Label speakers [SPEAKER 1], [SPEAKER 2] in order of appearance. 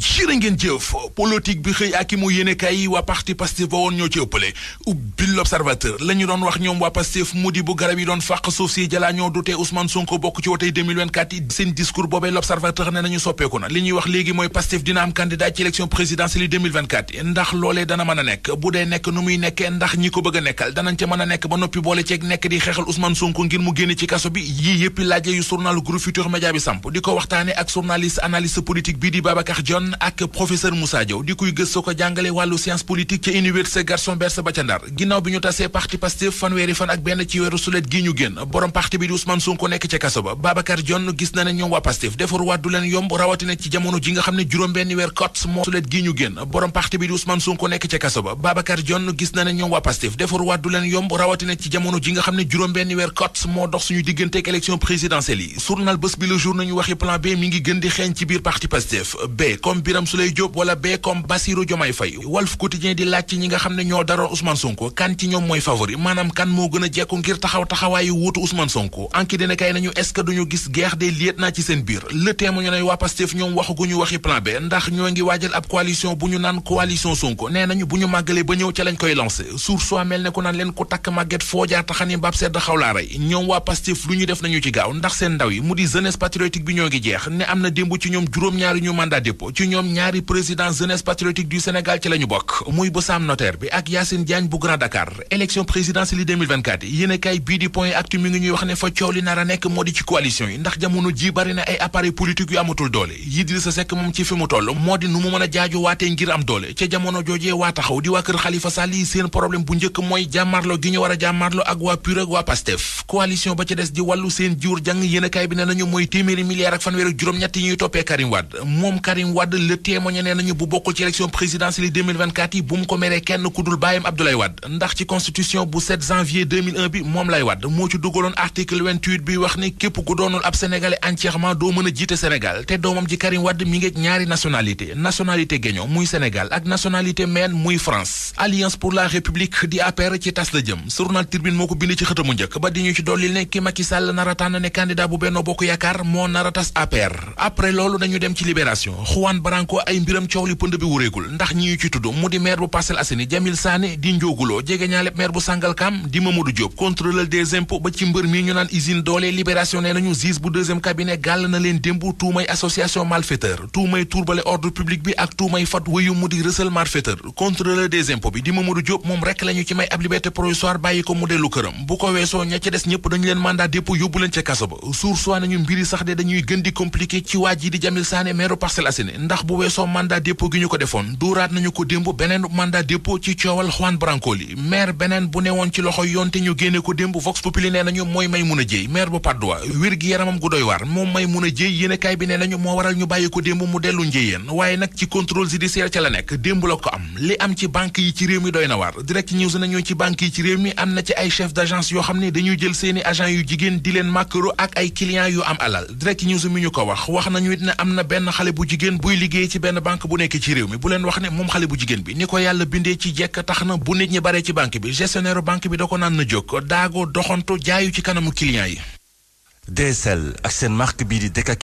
[SPEAKER 1] ci ànd jëf politique bi xëy ak i mu yéene waa parti Pastef ba woon ñoo ci ëppale ubbi l'observateur la doon wax ñoom waa Pastef mu di bu garab yi doon fàq suuf jalaa ñoo dutee Ousmane Sonko bokk ci wotey seen discours boobee l'observateur ne nañu soppeeku na li ñuy wax léegi mooy Pastef dina am candidat ci élection présidentielle 2024 ndax loolee dana mën a nekk bu dee nekk nu muy nekkee ndax ñi ko bëgg nekkal danañ ca mën a nekk ba noppi boole analyste politique bi di Babacar Dione ak professeur Moussa Diaw di kuy gëstu ko jàngale wàllu science politique ca université Gaston Berger ba ca Ndar ginnaaw bi ñu tasee parti Pastef fanweeri fan ak benn ci weeru sulet gi ñu génn borom parti bi di Ousmane Sonko nekk ca kaso ba Babacar Dione gis na ne ñoom waa Pastef defaruwaat du leen yomb rawatina ci jamono ji nga xam ne juróom-benn weer kot moo sulet gi ñu génn borom parti bi di Ousmane Sonko nekk ca kaso ba Babacar Dione gis na ne ñoom waa Pastef defaruwaat yomb rawatina ci jamono ji nga xam ne juróom-benn weer kot moo dox suñu digganteek élection présidentielle yi journal bés nañu waxi plan B ngi gën di xeeñ nañ ci biir parti Pastef b comme Biram Souleye Diop wala b comme Bassirou Diomaye Faye Walf Quotidien di laaj ñi nga xam ne ñoo daroon Ousmane Sonko kan ci ñoom mooy favori maanaam kan moo gën a jekku ngir taxaw taxawaayu wuutu Ousmane Sonko anki dina kay nañu est-ce que duñu gis guerre des lieutenants ci seen biir le téemo ñu waa Pastef ñoom waxaguñu waxi plan B ndax ñoo ngi waajal ab coalition bu ñu naan coalition Sonko nee nañu bu ñu màggalee ba ñëw ca lañ koy lancé démb ci ñoom juróom-ñaari ñu mandat dépôt ci ñoom ñaari président jeunesse patriotique du Sénégal ci la bokk muy Bossam Notaire bi ak Yacine Diagne bu Grand Dakar élection présidentielle 2024 yéen a kaay bii di point actu mi ngi ñuy wax ne fa coow li nar a nekk moo di ci coalition yi ndax jamono ji bari ay appareil politique yu amatul doole Idrissa Seck moom ci fi mu toll moo di nu mu mën a jaajo waatee ngir am doole ca jamono joojee waa taxaw di waa mooy jàmmarloo gi ñu war a ñett yi toppee Karim Wade moom Karim Wade le témoigné nee nañu bu bokkul ci élection présidentielle yi 2024 yi bu mu ko meree kenn ku dul bàyyam Abdoulaye Wade ndax ci constitution bu 7 janvier 2001 bi moom lay Wade moo ci dugaloon article bi wax ni képp ku doonul ab sénégalais entièrement doo mën jiite Sénégal te doomam ji Karim Wade mi ngi ñaari nationalité nationalité guéño muy Sénégal ak nationalité meen muy France Alliance pour la République di APR ci tas la jëm journal Tribune moo ko après loolu nañu dem ci libération Juan Branco ay mbiram coow li pënd bi wureegul ndax ñi ci tudd mu di maire bu Parcelles Assainies Jamil Sané di njooguloo jege ñaaleb maire bu Sangalkam di Mamadou Diop contrôleur des impôts ba ci mbër mii ñu naan usine doole libération nee nañu bu deuxième cabinet gàll na leen démb tuumay association malfaiteur tuumay turbale ordre public bi ak tuumay fat wéyu mu di recel malfaiteur contrôleur des impôts bi di Mamadou Diop moom jii di Jamil Sané maire Parcelles Assainies ndax bu weesoo mandat dépôt gi ñu ko defoon duuraat nañu ko démb beneen mandat dépôt ci coowal Juan Branco li maire beneen bu newoon ci loxo yoon te ñu génne ko démb Vox Populi nee nañu mooy Maimouna Dièye maire bu Patte d'Oie wér gi yaramam gu doy waar moom Maimouna Dièye yéenekaay bi nee nañu moo waral ñu bàyyi ko démb mu dellu njéyeen waaye nag ci contrôle judiciaire ca la nekk démb la ko am li am ci banque yi ci réew mi doy na waar direct news nañu ci banque yi ci réew mi am na ci ay chef d'agence yoo xam ne dañuy jël seeni agent yu jigéen di leen màkkaro ak ay clients yu am alal direct news mi ñu ko wax wax nañu ñu it ne am na benn xale bu jigéen buy liggéey ci benn banque bu nekk ci réew mi bu wax ne moom xale bu jigéen bi ni ko yàlla bindee ci jekk tax na bu nit ñi baree ci banque bi gestionnaire banque bi da ko naan na jóg daago doxantu jaayu ci kanamu client yi DSL ak seen marque bii di